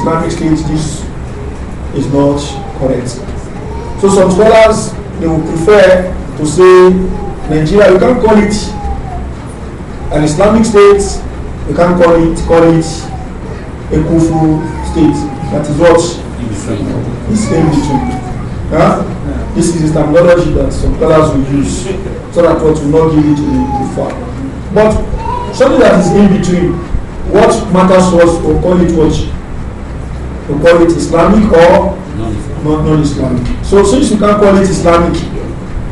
Islamic State, this is not correct. So some scholars, they would prefer to say Nigeria, you can't call it an Islamic state, you can't call it, call it a Kufu state. That is what? It's in between. Huh? This is the terminology that some scholars will use so that what will not give it to the kuffar. But something that is in between, what matters was or call it what we call it Islamic or non-Islamic. Non so since you can't call it Islamic,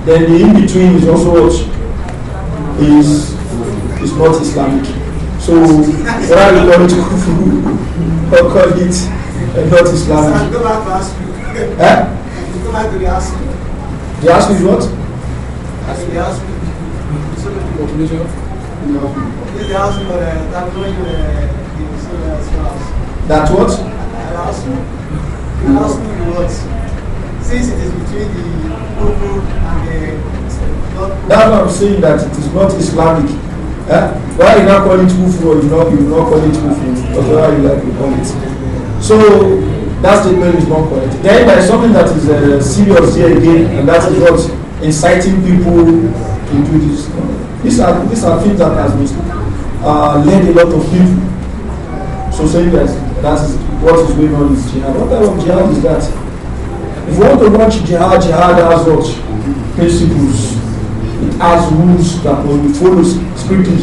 then the in-between is also what is is not Islamic. So whether you call it kufru or call it uh, not Islamic. Don't have to ask you. Eh? Don't have to ask you. They ask you what? They ask you. Uh, no. Uh, uh, that what? household, the words, since it is between the Google and the not That's why I'm saying that it is not Islamic. Eh? Why you not call it Kufu or you not, you not call it Kufu? Or why you like you call it? So that statement is not correct. Then there is something that is uh, serious here again, and that is what inciting people to do this. These are, these are things that has been uh, led a lot of people. So saying that that is what is going on is jihad. What type of jihad is that? If you want to watch jihad, jihad has what? Principles. It has rules that will be followed strictly.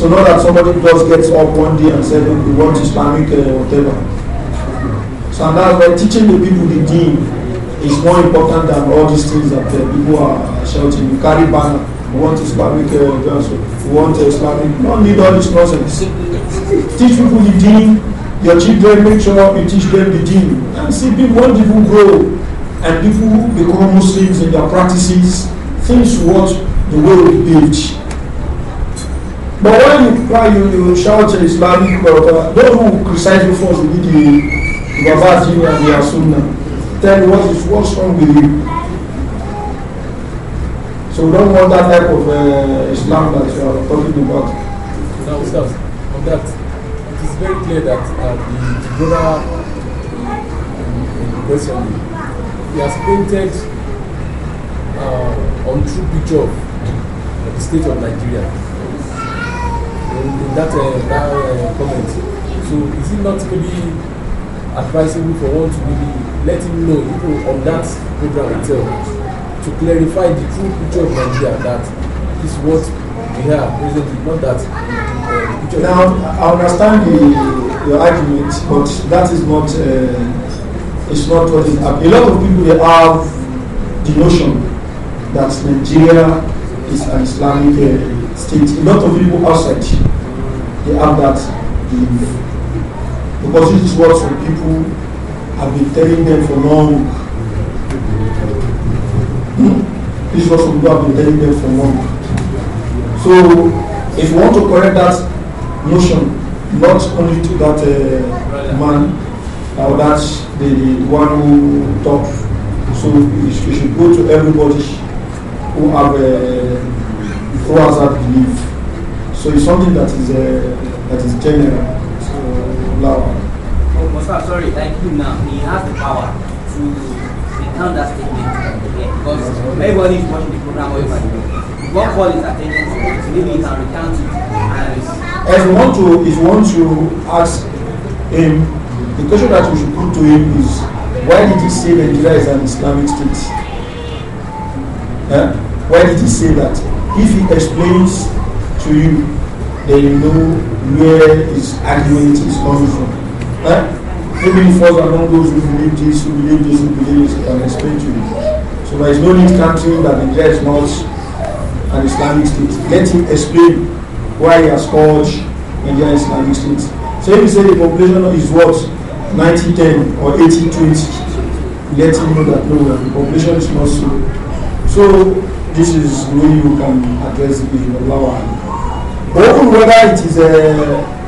So not that somebody just gets up one day and says, we want Islamic uh, whatever. So and that's why teaching the people the deen is more important than all these things that uh, people are shouting. You carry banner. We want Islamic uh, we want uh, Islamic. You don't need all this nonsense. teach people the deen. Your children, make sure you teach them the deen. And see, people, people grow and people become Muslims in their practices, things what the world built. But when you cry, you, you shout uh, Islamic, but uh, those who criticize you for the be the Babati and the Sunnah. Tell you what is what's wrong with you. So we don't want that type of uh, Islam that you are talking about. Now, Ustaz, on that, it is very clear that uh, the brother uh, in question, he has painted uh, untrue picture of the state of Nigeria. In, in that, uh, that uh, comment. So is it not maybe advisable for one to really let him know on that program itself to clarify the true picture of Nigeria that is what we have presently, not that. Uh, now, I understand the, the argument, but that is not, uh, it's not what is happening. A lot of people they have the notion that Nigeria is an Islamic uh, state. A lot of people outside, they have that belief. Because this is what some people have been telling them for long this was from God people have been telling them for months. So if you want to correct that notion, not only to that uh, man or that the, the one who talked, so we should go to everybody who have uh, who has that belief. So it's something that is uh, that is general. So loud. Oh, sorry, Thank you now, he has the power to counter that statement because everybody is watching the program all over the world. What call his attention to it, maybe he can recount it and you want to if you want to ask him the question that we should put to him is why did he say that Nigeria is an Islamic state? Yeah, Why did he say that? If he explains to you, then you know where his argument is coming from. Eh? Maybe he falls among those who believe this, who believe this, who believe this, and explain to you. So there is no need counting that Nigeria is not an Islamic state. Let him explain why he has called an Islamic state. So if you say the population is what? 90-10 or 80-20, let him know that no, the population is not so. So this is the way you can address the issue. But Or whether it is a uh,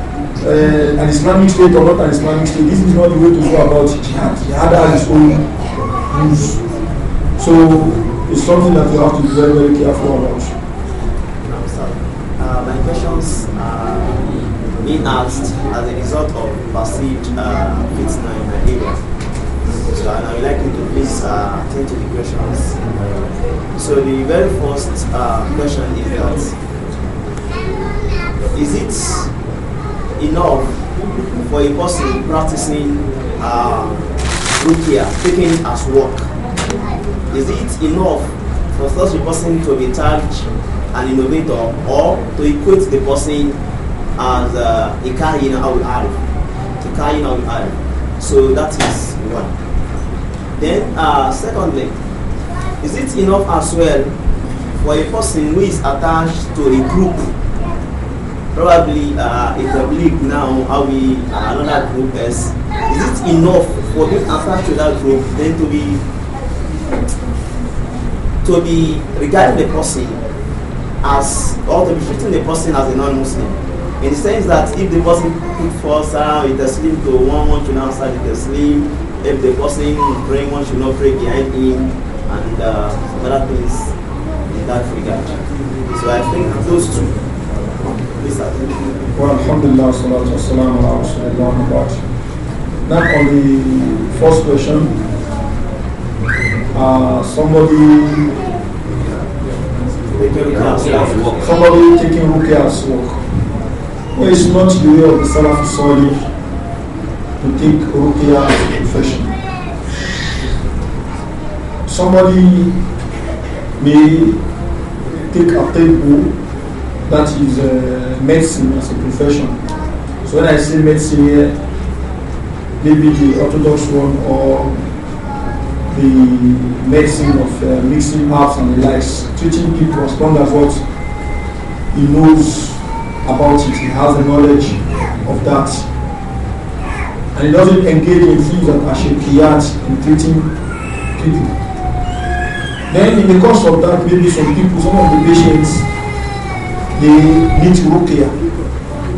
uh, an Islamic state or not an Islamic state. This is not the way to go about jihad. Jihad has its own rules. So it's something that you have to be very, very careful about. No, uh, sorry. my questions are uh, being asked as a result of perceived uh, fitna in Nigeria. So I would like you to please uh, attend to the questions. So the very first uh, question is that is it enough for a person practicing uh, rukia, taking as work? Is it enough for such a person to be tagged an innovator or to equate the person as uh, a carrying out arif? To carrying out arif. So that is one. Then, uh, secondly, is it enough as well for a person who is attached to a group probably uh, a public now, how we uh, another group is, is it enough for being attached to that group then to be to be regarding the person as or to be treating the person as a non-Muslim? In the sense that if the person put force uh, with a slim to one, one to not with a slim. If the person praying, one should not pray behind him, and uh, other things in that regard. So I think those two well, alhamdulillah, salatu wassalam ala rasulullah Now on the first question, uh, somebody somebody taking ruqya as work. Well, it's not the way of the Salaf to take Rukia as a profession. Somebody may take a table that is uh, medicine as a profession. So when I say medicine here, maybe the orthodox one or the medicine of uh, mixing herbs and the likes, treating people as long as what he knows about it, he has the knowledge of that. And he doesn't engage in things that are shapiyat in treating people. Then in the course of that, maybe some people, some of the patients they need to look rukia.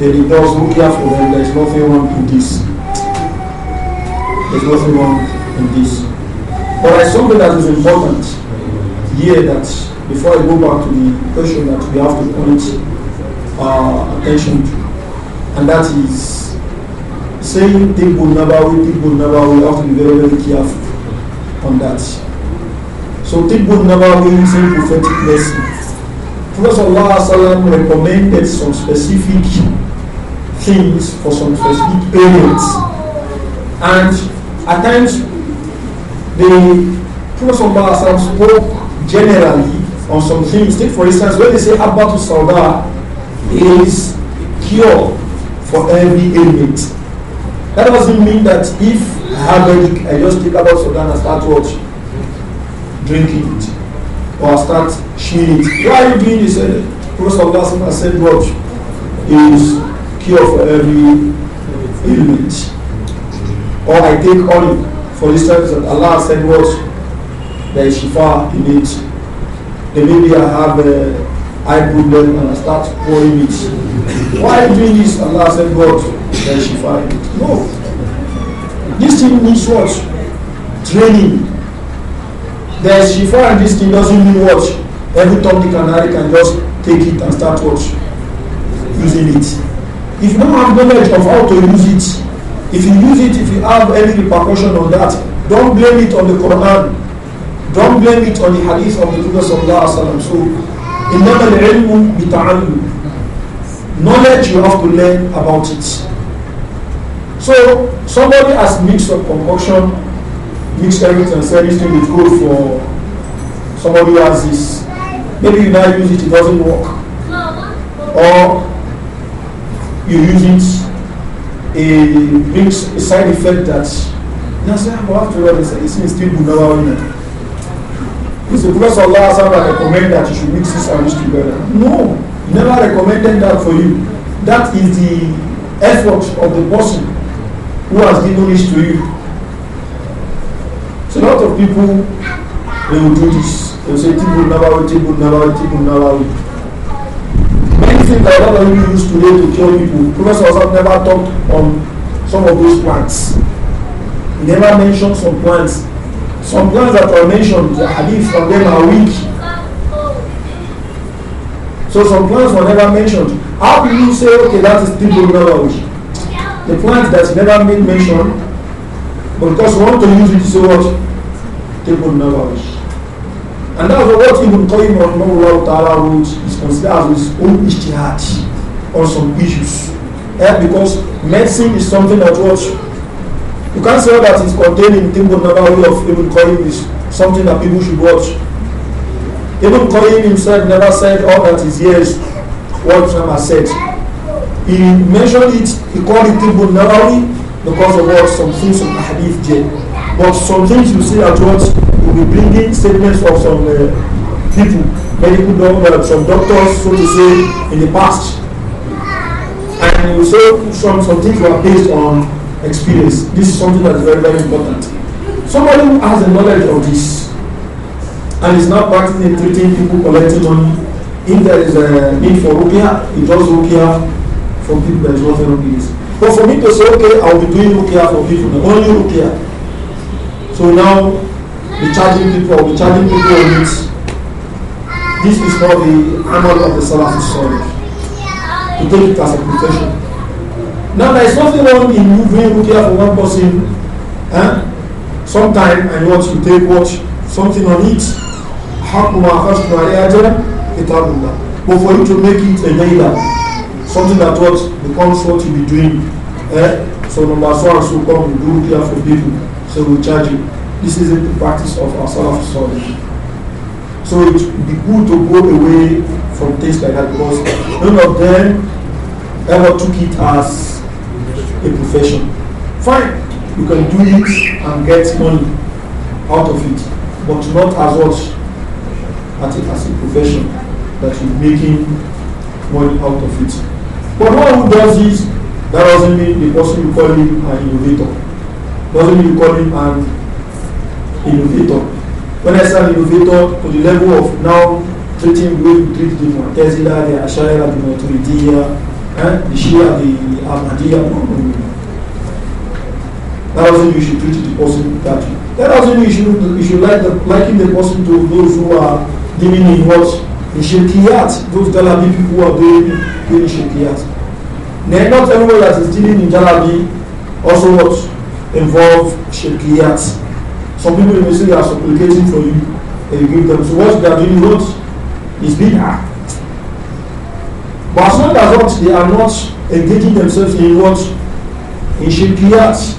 Then he does here for them. There is nothing wrong in this. There's nothing wrong in this. But I something that is important here that before I go back to the question that we have to point uh, attention to, and that is saying people Nabawi, people Nabawi, we have to be very, very careful on that. So people never is saying prophetic blessing. Prophet ﷺ recommended some specific things for some specific periods. And at times, the Prophet ﷺ spoke generally on some things. Take for instance, when they say to Sauda is cure for every ailment. That doesn't mean that if I have a I I just take to Sauda and I start to Drinking it or start shielding Why you being this? Eh? of Prophet Allah said, What is cure for every ailment? Or I take only For instance, Allah said, What? There is shifa in it. Then maybe I have a eh, eye problem and I start pouring it. Why you doing this? Allah said, What? There is shifa in it. No. This thing needs what? Training. There's shifar and this thing doesn't mean watch. Every Tommy Canary can just take it and start watch Using it. If you don't have knowledge of how to use it, if you use it, if you have any repercussion on that, don't blame it on the Quran. Don't blame it on the hadith of the Prophet Sallallahu Alaihi Wasallam. So, إِنَّمَا الْعِلْمُ بِتَعَلُّمُ Knowledge you have to learn about it. So, somebody has mixed a concoction mix everything and sell this thing with gold for somebody who has this. Maybe you now use it, it doesn't work. Or you use it, it brings a side effect that you know, say, well, after all, this thing still good never win. it. It's because Allah has recommend that you should mix this and this together. No, never recommended that for you. That is the effort of the person who has given this to you. So a lot of people, they will do this. They will say, Tibu Nawawi, Tibu Nawawi, Tibu Nawawi. Many things that a lot use today to cure people. Professor Osam never talked on some of those plants. He never mentioned some plants. Some plants that were mentioned, the hadith from them are weak. So some plants were never mentioned. How can you say, okay, that is Tibu Nawawi? The plants that's never been mentioned But because we want to use it to say what? Table Nawawish. And that's what Ibn Qayyim Rahmahullah Ta'ala wrote is considered as his own ijtihad on some issues. Yeah, because medicine is something that what you can't say that it's contained in Timbun Nabawi of Ibn Qayyim is something that people should watch. Ibn Qayyim himself never said all that his yes, what has said. He mentioned it, he called it Timbun Nabawi, because of what some things some hadith did. But some things you see at once, you'll be bringing statements of some uh, people, medical doctors, uh, some doctors, so to say, in the past. And you say some, some things were based on experience. This is something that is very, very important. Somebody who has the knowledge of this and is now practicing treating people collecting money, if there is a need for rupiah, it does rupiah for people that is not in this. But for me to say, okay, I'll be doing Rukia for people, only Rukia. So now, we charging people, we charging people on it. This is not the honor of the Salafi story. To take it as a profession. Now, there is nothing wrong in you doing Rukia for one person. Eh? Sometime, and you want to take what? Something on it. But for you to make it a data, something that what becomes what you'll be doing. Eh? So number so and so come, we do here for people, so we charge it. This isn't the practice of our Salaf Salih. So it would be good to go away from things like that because none of them ever took it as a profession. Fine, you can do it and get money out of it, but not as what at it as a profession that you're making money out of it. But no one who does this, that doesn't mean the person you call him an innovator. Doesn't mean you call him an innovator. When I say innovator, to the level of now treating way we treat the Mu'tazila, the Ashaira, the Maturidiyya, eh? the Shia, the Ahmadiyya, no, no, no. That doesn't mean you should treat the person that way. That doesn't mean you should, you should like the, liken the person to those who are giving him what The Shekiyat, those Jalabi people who are doing, doing Shekiyat. Then not everyone that is dealing in Jalabi also what involve Shekiyat. Some people may say they are supplicating for you and you give them. So what they are doing What is being act. But as long as what they are not engaging themselves in what in Shekiyat,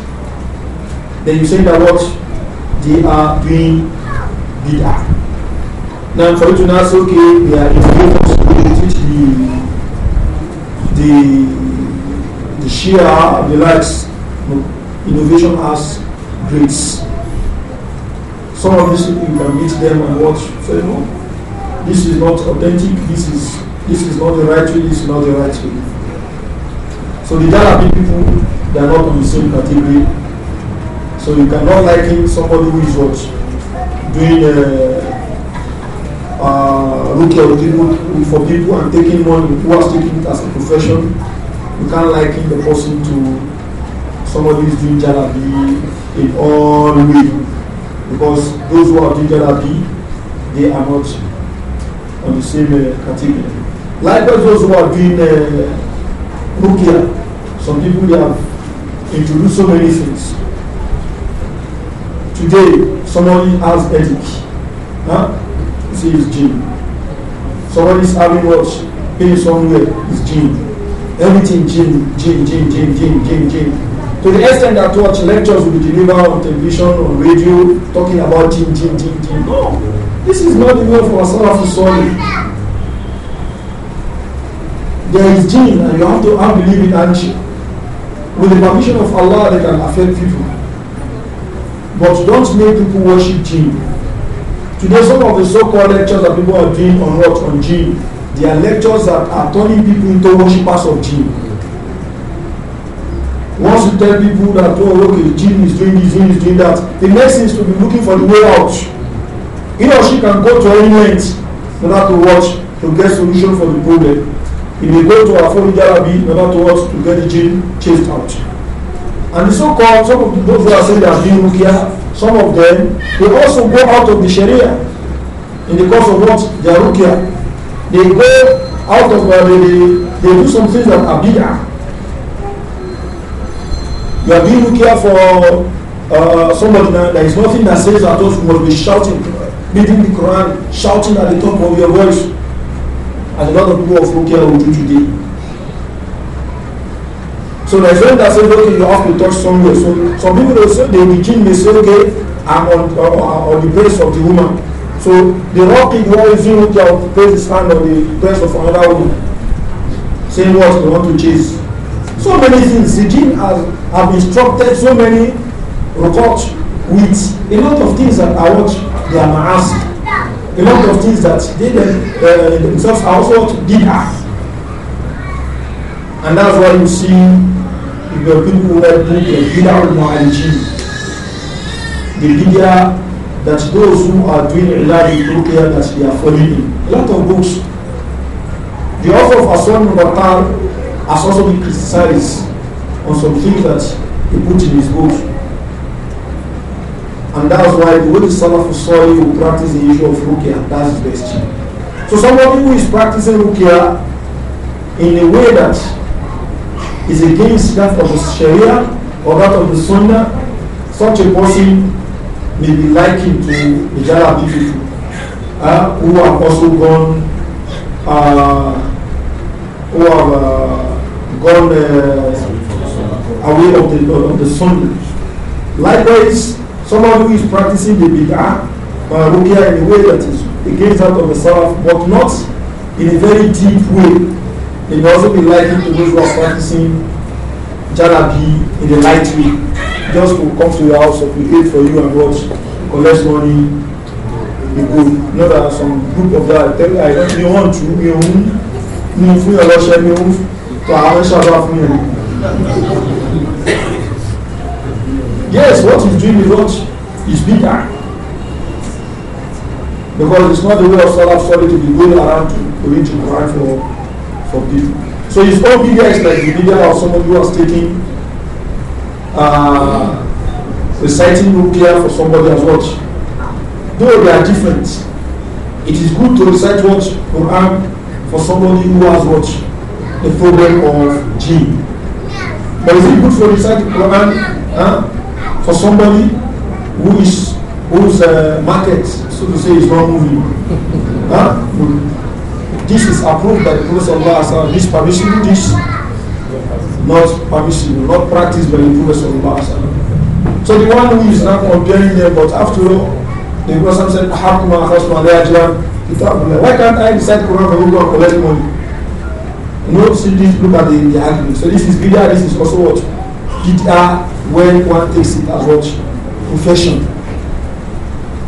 then you say that what they are doing bid'ah. Now, for you to now say, okay, they are innovators to teach the, the, the Shia, the likes, innovation has grades. Some of you can meet them and watch, say, no, this is not authentic, this is, this is not the right way, this is not the right way. So the Jalabi people, they are not on the same category. So you cannot like somebody who is what? Doing uh, uh, we forbid people and taking money, who are taking it as a profession. You can't liken the person to somebody who's doing jalabi in all way. Because those who are doing jalabi, they are not on the same uh, category. Likewise, those who are doing uh, rukia, some people they have introduced so many things. Today, somebody has ethic. Huh? This is Jim. Somebody's having what? Pain somewhere is Jin. Everything Jin, Jin, Jin, Jin, Jin, Jin. gene. To the extent that what lectures will be delivered on television, on radio, talking about Jin, Jin, Jin, Jin. No. This is not the way for Salafi Soli. There is Jin, and you have to unbelieve it and with the permission of Allah they can affect people. But don't make people worship Jin. Today, some of the so-called lectures that people are doing on what on gene, they are lectures that are turning people into worshippers of gene. Once you tell people that oh okay, gene is doing this, gene is doing that, the next thing is to be looking for the way out. He or she can go to any length in order to watch to get solution for the problem. He may go to a Afro Jarabi in order to watch to get the gene chased out. And the so called, some of those who are saying they are doing rukia, some of them, they also go out of the Sharia in the course of what? they are rukia. They go out of, uh, they, they do some things that are bid'ah. You are doing rukia for uh, somebody now, there is nothing that says that those must be shouting, reading the Quran, shouting at the top of your voice. As a lot of people of rukia will do today. So there's one that says, okay, you have to touch somewhere. So some people will say, begin to say, okay, I'm on, uh, uh, on the breast of the woman. So the rock is why is it to place his hand on the breast of another woman, saying what they want to chase. So many things. The gene has, have instructed so many robots with a lot of things that are what they are ma'as. A lot of things that they uh, themselves also did ask. And that's why you see your people write book of Bid'ah al-Mu'alij. The Bid'ah that those who are doing Ilad al that they are falling in. A lot of books. The author of Aswan al has also been criticized on some things that he put in his books. And that's why the way the Salaf Salih will practice the issue of Ruqya, that's his best. So somebody who is practicing Ruqya in a way that is against that of the Sharia or that of the Sunnah, such a person may be likened to the Jalabi people uh, who have also gone, uh, who have uh, gone uh, away of the, of the Sunnah. Likewise, someone who is practicing the Bid'ah, uh, Rukia, in a way that is against that of the Salaf, but not in a very deep way. It will also be likely to those who are practicing jalabi in the light way. Just to come to your house, supplicate for you and watch, collect money, you go. Not that some group of that tell you, I don't want to, you know, mi fún ọlọ́ṣẹ́ mi ń tọ àwọn ṣàbá fún mi. Yes, what is doing is what is bigger. Because it's not the way of Salah solid to be going around to reach the Quran for for people. So it's all videos like the video of somebody who was taking, uh, reciting Rukia for somebody as watch. Though they are different, it is good to recite what Quran for somebody who has watch the problem of gene. But is it good for reciting Quran huh, for somebody who is whose uh, market, so to say, is not moving? huh? This is approved by the Prophet Allah. This permissible, this not permissible, not practiced by the Prophet Allah. So the one who is not comparing them, but after all, the Prophet said, Hakuma Why can't I decide Quran and go and collect money? No, see this, look at the, the argument. So this is bid'ah, this is also what? Bid'ah when one takes it as what? Profession.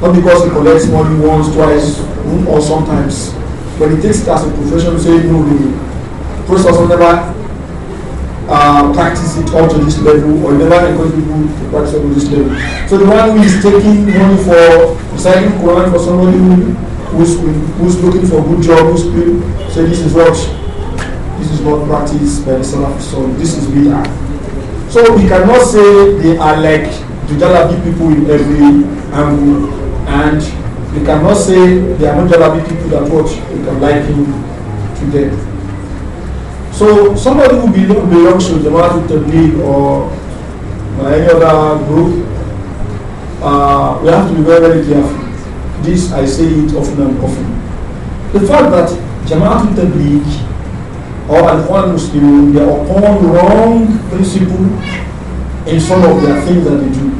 Not because he collects money once, twice, or sometimes. But it takes it as a profession saying, no, the process will never uh, practice it up to this level or never encourage people to practice up to this level. So the one who is taking money for signing Quran for somebody who, who's, who's looking for good job, who's doing, say this is what? This is not practice by the Salaf, so this is we are. So we cannot say they are like the Jalabi people in every angle and You cannot say there are no Jalabi people that watch, and can him to them. So somebody who belongs to Jamaat Tabligh or any other group, uh, we have to be very, very careful. This I say it often and often. The fact that Jamaat Tabligh or an un-Muslim, they are upon wrong principle in some of their things that they do.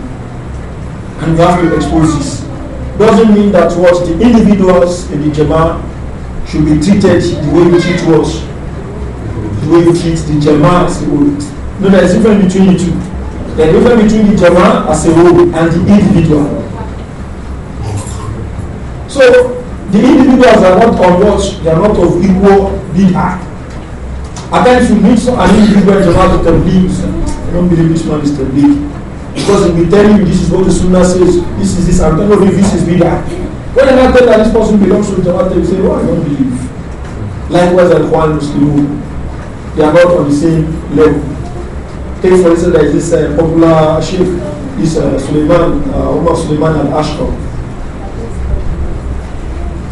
And we have to expose this doesn't mean that what the individuals in the Jama should be treated the way you treat us, the way you treat the Jama'ahs. No, there is a difference between the two. There is a difference between the Jama as a whole and the individual. So, the individuals are not on watch. They are not of equal bid'ah. At times you meet an individual Jama'ah to Tabligh, I don't believe this man is Tabligh. Because he will be telling you this is what the Sunnah says, this is this, I'm telling you this is bid'ah. When I tell that this person belongs to the Tawat, they say, oh, I don't believe. Likewise, Al Quran Muslim, they are not on the same level. Take for instance, there is this uh, popular sheikh, this uh, Suleiman, uh, Umar Suleiman al Ashkar,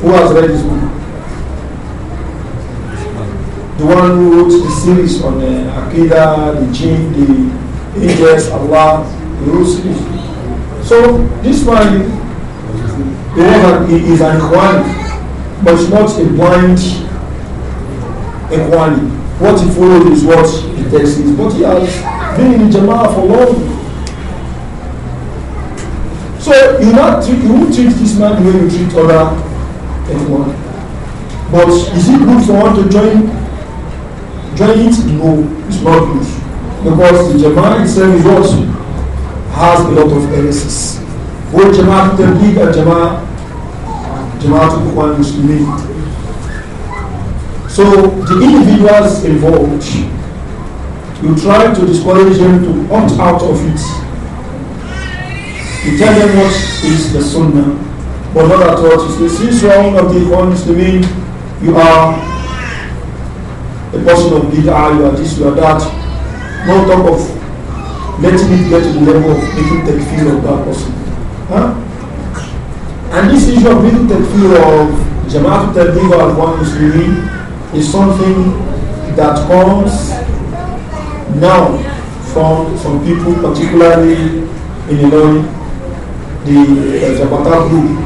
who has read this book the one who wrote the series on the uh, Aqidah, the jinn, the angels, Allah. So this one, the one is an Ikhwani, but not a blind Ikhwani. What he follows is what the text is. But he has been in Jama'ah for long. So you not treat, you won't treat this man the way you treat other anyone. But is it good for one to join join it? No, it's not good. Because the Jamaica itself is also has a lot of heresies. Both Jama'at Tabligh and Jama'at Jama'at Ikhwan Muslimin. So the individuals involved, you try to discourage them to opt out of it. You tell them what is the Sunnah, but not at all. You say, since you are one of the Ikhwan Muslimin, you are a person of bid'ah, you are this, you are that. No talk of let me get to the level of making takfir of that person. Huh? And this issue of making takfir of Jama'at Tabligh as one Muslim is something that comes now from some people, particularly in Illinois, the Zapata uh, group.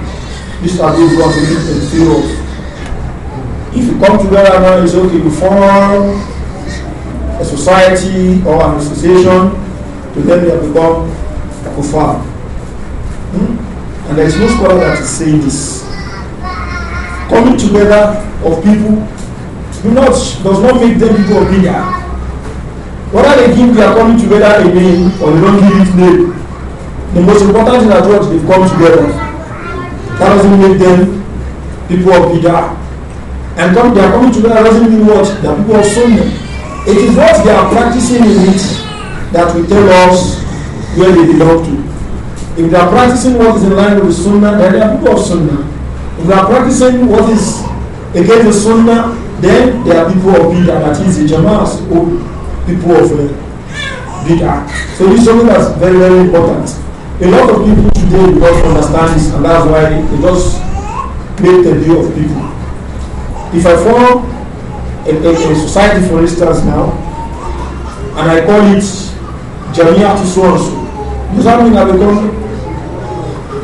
These are those who are making takfir of. If you come together now, it's okay, you form a society or an association to them they have become kufar. Hmm? And there is no scholar that is saying this. Coming together of people do not does not make them people of bigger. Whether they give their coming together a name or they don't give it name, the most important thing is what they've come together. That doesn't make them people of bigger. And come, they are coming together doesn't mean what? They are people of Sunni. It is what they are practicing in it that will tell us where they belong to. If they are practicing what is in line with the Sunnah, then they are people of Sunnah. If they are practicing what is against the Sunnah, then they are people of Bid'ah, that is the people of uh, Bid'ah. So this is something that's very, very important. A lot of people today do not understand this, and that's why they just make the view of people. If I form a, a, a society, for instance, now, and I call it Jamia to so and so. Does that mean that because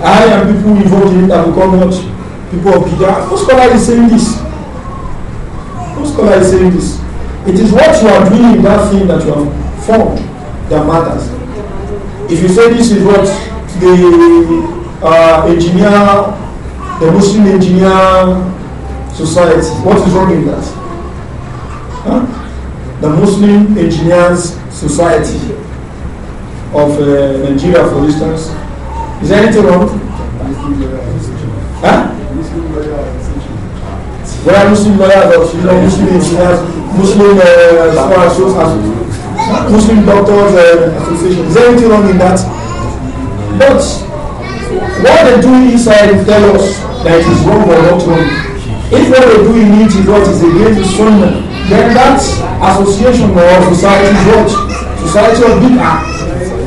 I am people involved in it that become what? People of Bida? No scholar is saying this. No scholar is saying this. It is what you are doing in that thing that you have formed that matters. If you say this is what the uh, engineer, the Muslim engineer society, what is wrong in that? Huh? The Muslim Engineers Society of uh, Nigeria, for instance. Is there anything wrong? Huh? Where are Muslim lawyers or Muslim engineers, Muslim uh, uh, Muslim doctors uh, association? Is there anything wrong in that? But what they do inside tell us that it is wrong or not wrong. If what they do in it is what is against the sunnah, then that association or society is what? Society of bid'ah.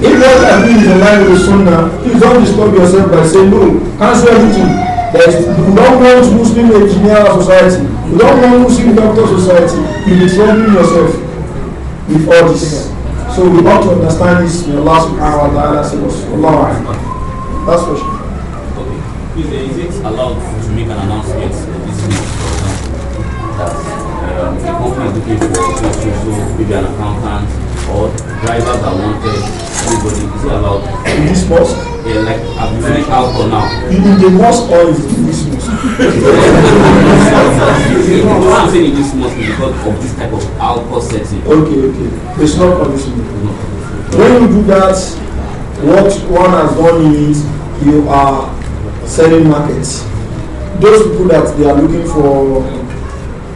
If what I'm doing is in line with the sunnah, please don't disturb yourself by saying, no, cancel everything. There's, we don't want Muslim engineer society. We don't want Muslim doctor society. You'll be troubling yourself with all this. So we want to understand this. May Allah subhanahu wa ta'ala save us. Allah Last question. Okay. Is it allowed to make an announcement this week that um, the company is looking for so, so, maybe an accountant or drivers are wanted everybody is it allowed in this mosque yeah like have you finished alcohol now in the mosque or in this mosque no i'm saying in this mosque because of this type of alcohol setting okay okay it's not permissible no. when you do that what one has done is you are selling markets those people that they are looking for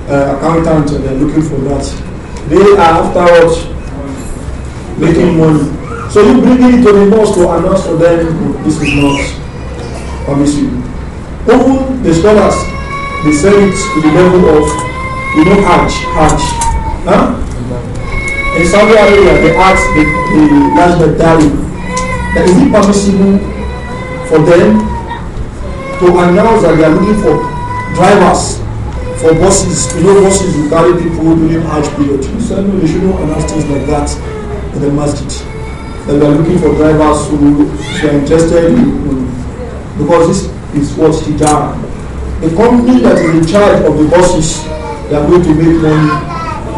uh, accountant they are looking for that they are afterwards making money So you bring it to the mosque to announce to them oh, this is not permissible. Often the scholars they sell it to the level of you know Hajj, Hajj. Huh? In Saudi Arabia they ask the, national Laj that is it permissible for them to announce that they are looking for drivers for buses, you know buses who carry people during Hajj period. So said no, they shouldn't announce things like that in the masjid that we are looking for drivers who, who are interested in, because this is what he done. The company that is in charge of the buses, they are going to make money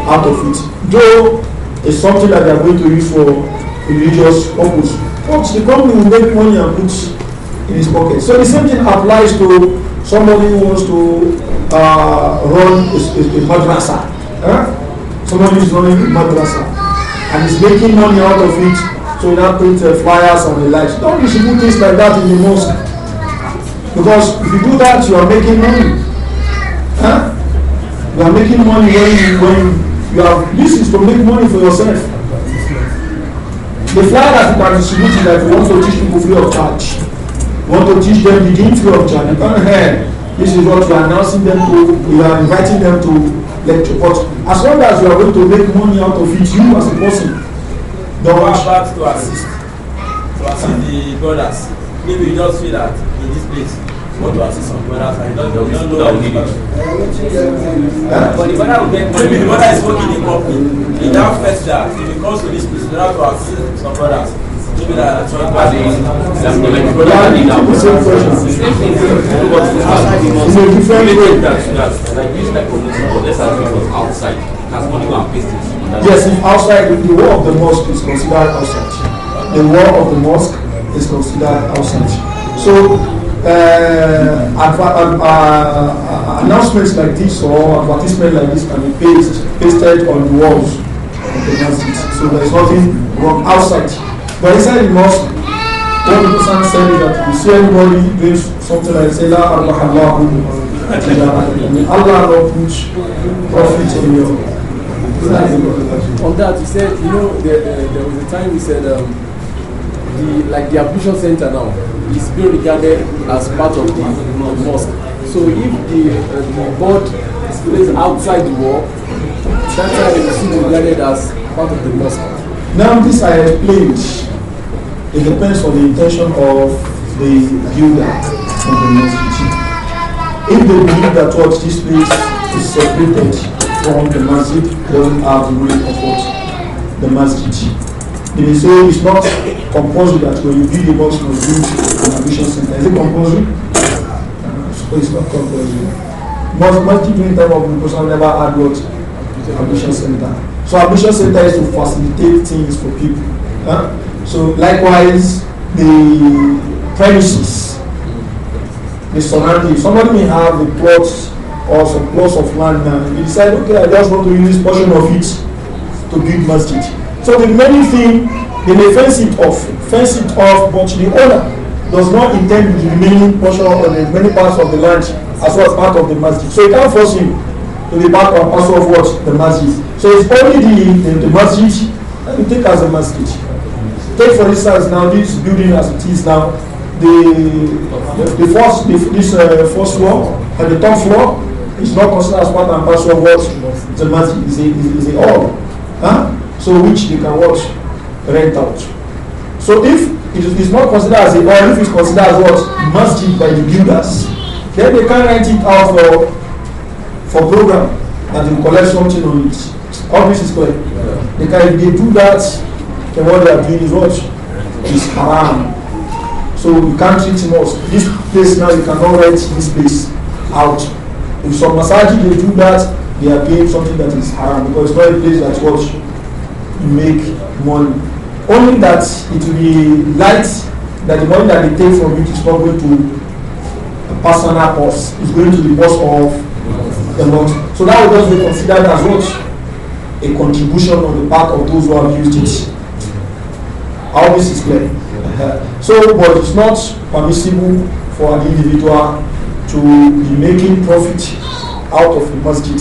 out of it. Though it's something that they are going to use for religious purpose, but the company will make money and put in his pocket. So the same thing applies to somebody who wants to uh, run a, a, a madrasa. Somebody is running a madrasa and is making money out of it So you now print uh, flyers and the likes. Don't distribute things like that in the mosque. Because if you do that, you are making money. Huh? You are making money when you, when you have. This is to make money for yourself. The flyer that you can distribute is that you want to teach people free of charge. You want to teach them the game free of charge. You can't hear. This is what you are announcing them to, you are inviting them to lecture. But as long as you are going to make money out of it, you as a person, But what to assist? To assist the brothers? Maybe you just feel that in this place, what to assist some brothers and you don't, know that we need it. But the brother will get, maybe the brother is working in company. He now first that if he comes to this place, in order to assist some brothers, Maybe that's what I'm saying. That's what I'm saying. That's what I'm that, Like, use like promotion, but let's have people outside. That's what you are pasting. Yes, if outside the, wall of the mosque is considered outside, the wall of the mosque is considered outside. So uh, uh, uh, uh, announcements like this or advertisement like this can be pasted on the walls of the mosque. So there is nothing wrong outside. But inside the mosque, what the person said is that you see anybody doing something like say La Allah Allah Allah not put profit in your on that, you said, you know, there, uh, there was a time we said, um, the, like the ablution center now is being regarded as part of the, mosque. So if the, uh, the board is placed outside the wall, that time it is regarded as part of the mosque. Now this I explained. It depends on the intention of the builder of the mosque. If they believe that what this place is separated from the masjid doesn't have the ruling of what? The masjid. They say it's not compulsory that when you build a mosque, you build an admission center. Is it compulsory? Uh, so it's not compulsory. Most, most people in terms of education never had what? Admission center. So admission center is to facilitate things for people. Huh? So likewise, the premises, the surrounding. Somebody may have the plots or some plots of land and you decide, okay, I just want to use this portion of it to build masjid. So the many thing, they may fence it off, fence it off, but the owner does not intend the remaining portion or the many parts of the land as well as part of the masjid. So you can't force him to be part or also of what? The masjid. So it's only the, the, the masjid that you take as a masjid. Take for instance now this building as it is now, the the, the first the, this uh, first floor and the top floor it's not considered as part and parcel of what the masjid is a, is, is a all. Huh? So which they can watch rent out. So if it is not considered as a all, if it's considered as what masjid by the builders, then they can rent it out for for program and they collect something on it. Obviously it's is They can if they do that, then what they are doing is what is haram. So you can't treat mosque. This place now you cannot rent this place out. If some masajid they do that, they are paying something that is haram because it's not a place that what you make money. Only that it will be light that the money that they take from is not going to a personal boss; it's going to the boss of the lot. So that will just be considered as what? A contribution on the part of those who have used it. How this is clear. so, but it's not permissible for an individual to be making profit out of the masjid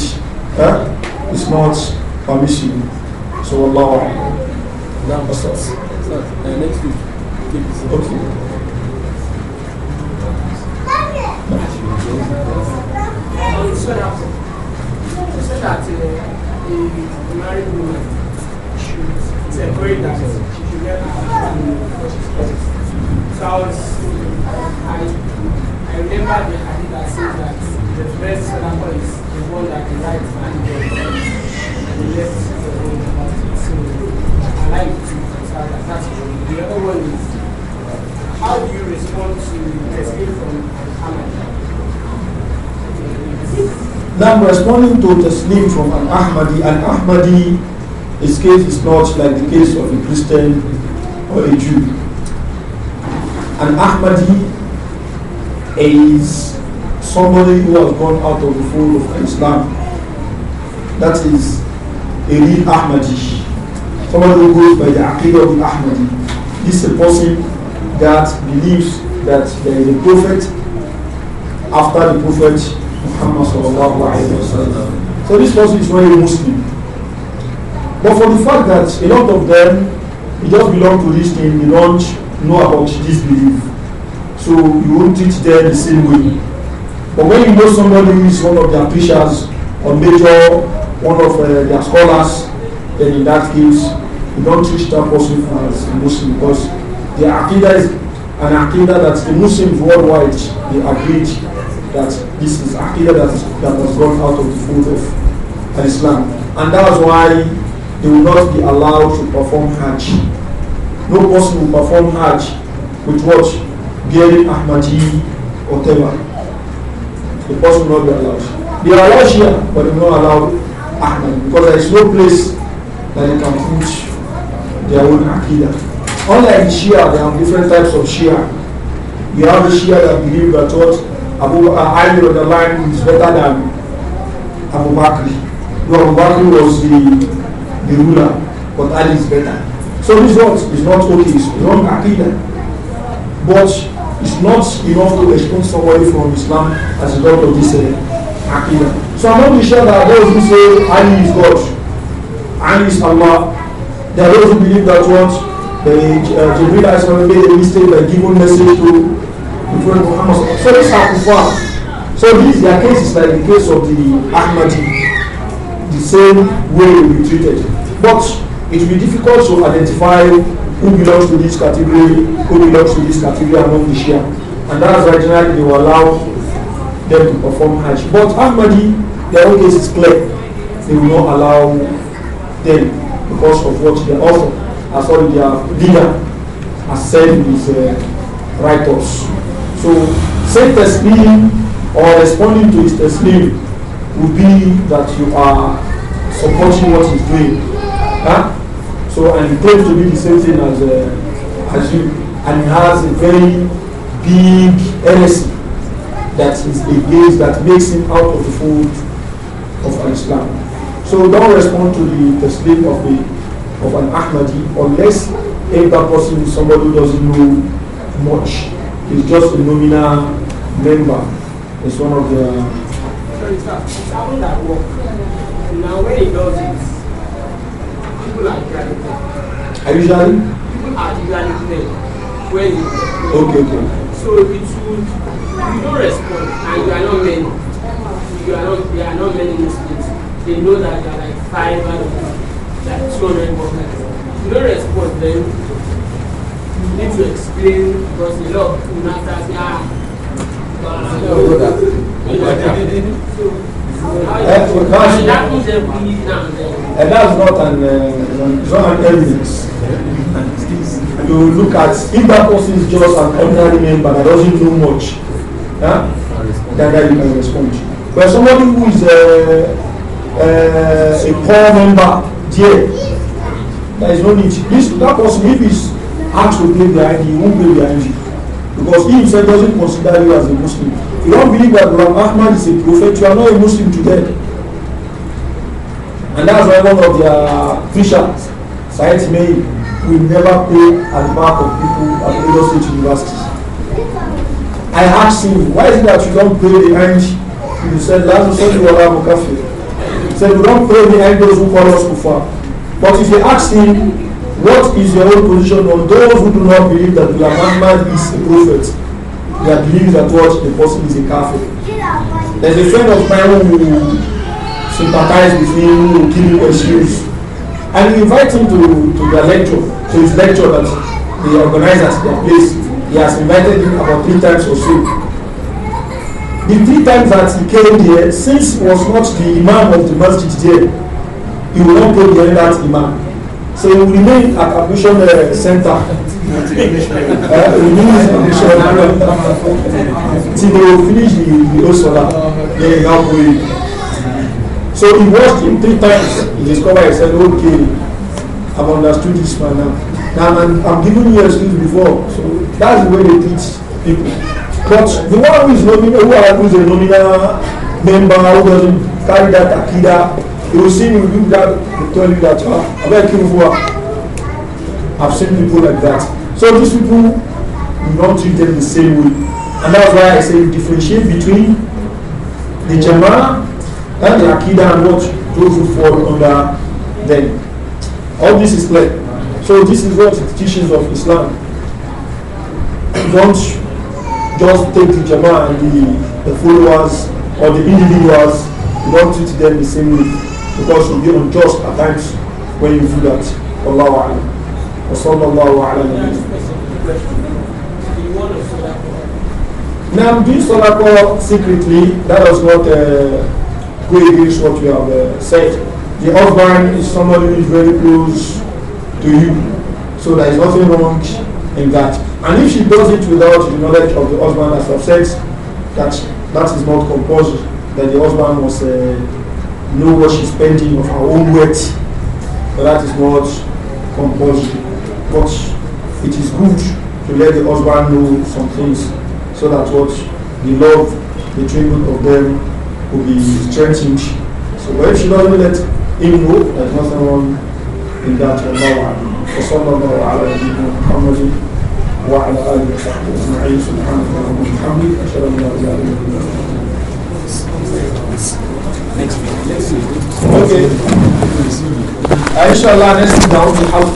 eh? is not permissible. So Allah. Now, sir, uh, next week. Okay. You said that a married woman should separate that she should get So I was, I I remember the hadith that says that the first number is the one that the right hand and the left is the one about it. So I like to start that. That's one. The other one is how do you respond to escape from Ahmad? Now responding to the Taslim from an Ahmadi. an Ahmadi, his case is not like the case of a Christian or a Jew. An Ahmadi is somebody who has gone out of the fold of Islam. That is a real Ahmadi. Somebody who goes by the Aqidah of Ahmadi. This is a person that believes that there is a prophet after the prophet Muhammad So this person is very Muslim. But for the fact that a lot of them, they just belong to this thing, they don't know about this belief. So you won't teach them the same way. But when you know somebody who is one of their teachers or major, one of uh, their scholars, then in that case, you don't teach that person as a Muslim because the Aqidah is an Aqidah that the Muslims worldwide they agreed that this is Aqidah that, that was brought out of the fold of Islam. And that is why they will not be allowed to perform Hajj. No person will perform Hajj with what? Gary Ahmadi, whatever. The person will not be allowed. They are allowed Shia, but they will not allow Ahmadi because there is no place that they can put their own Akida. Unlike Shia, there are different types of Shia. You have the Shia that believe that what Abu uh, Ali on the line is better than Abu Bakr. No, Abu Bakr was the, the ruler, but Ali is better. So this one is not okay, it's wrong Akida. But It's not enough to expose somebody from Islam as a result of this uh, So I'm not sure that those who say Ali is God, Ali is Allah, there are those who believe that what the uh, Jibreel made a mistake by giving message to the Prophet Muhammad. So this are kufar. So these their case is like the case of the Ahmadi, the same way we treated. But it will be difficult to identify who belongs to this category, who belongs to this category among the Shia. And that's why generally they will allow them to perform Hajj. But Ahmadi, their own case is clear. They will not allow them because of what they author, as all their leader, has said in his uh, write So, saying Taslim or responding to his Taslim would be that you are supporting what he's doing. Huh? So, and he tends to be the same thing as, uh, as you. And he has a very big heresy that is against, that makes him out of the fold of Islam. So don't respond to the, the slip of, the, of an Ahmadi unless if that person is somebody who doesn't know much. He's just a nominal member. It's one of the... Uh, so it's not, it's that work. Now when he does it, People are usually dead. Are usually? People are usually dead when you. Okay, okay. So it would, you don't respond and you are not many. You are not, there are not many Muslims. They know that there are like five out of like 200 workers. You don't respond then you need to explain because a lot of people now start saying, ah, so And for Kashi, that means and that's not an, uh, it's not an evidence. you look at if that person is just an ordinary member that doesn't know much, huh? then that you can respond. But somebody who is a, uh, a, uh, a poor member, dear, there is no need. This, that person, if he's asked to pay behind ID, he won't pay behind ID Because he himself doesn't consider you as a Muslim. You don't believe that Imam Ahmad is a prophet, you are not a Muslim today. And that's why one of their bishops, Said May, will never pay at the back of people at Lagos State University. I asked him, why is it that you don't pay the end? He said, Last said you are a kafir. He said, You don't pay the end those who call us kufar. But if you ask him, what is your own position on those who do not believe that Muhammad is a prophet? That believes that what the person is a kafir. There's a friend of mine who sympathized with me, who gave me questions. And we invite him to, to the lecture, to his lecture that the organizers at their place. He has invited him about three times or so. The three times that he came there, since he was not the imam of the masjid there, he will not go behind that imam. So we remain at admission uh, center. We uh, remain admission uh, till they finish the, the Osola. Then you have to So he watched him three times. He discovered, he said, okay, I've understood this man now. Now I'm, I'm giving you a excuse before. So that's the way they teach people. But the one who is nominal, who argues a nominal member, who doesn't carry that akida, You see him do that, he tell you that, ah, I beg you for I've seen people like that. So these people, you don't treat them the same way. And that's why I say you differentiate between the Jama and the Akida and what those who fall under them. All this is clear. So this is what the teachings of Islam. Don't just take the Jama and the, the followers or the individuals, you don't treat them the same way. because it will be unjust at times when you do that. Allahu Alam. Wasallallahu alam. Now, doing sadaqah secretly, that does not uh, go against what you have uh, said. The husband is somebody who is very close to you, so there is nothing wrong in that. And if she does it without the knowledge of the husband as of sex, that, that is not composed. that the husband was uh, know what she's spending of her own weight. but that is not compulsory. But it is good to let the husband know some things so that what the love, the treatment of them will be strengthened. So when she doesn't let him know, there's nothing wrong in that Allah. وصلى الله على نبينا محمد وعلى اله وصحبه اجمعين سبحانك اللهم وبحمدك اشهد ان لا اله الا انت Okay. Uh, inshallah, next down the house.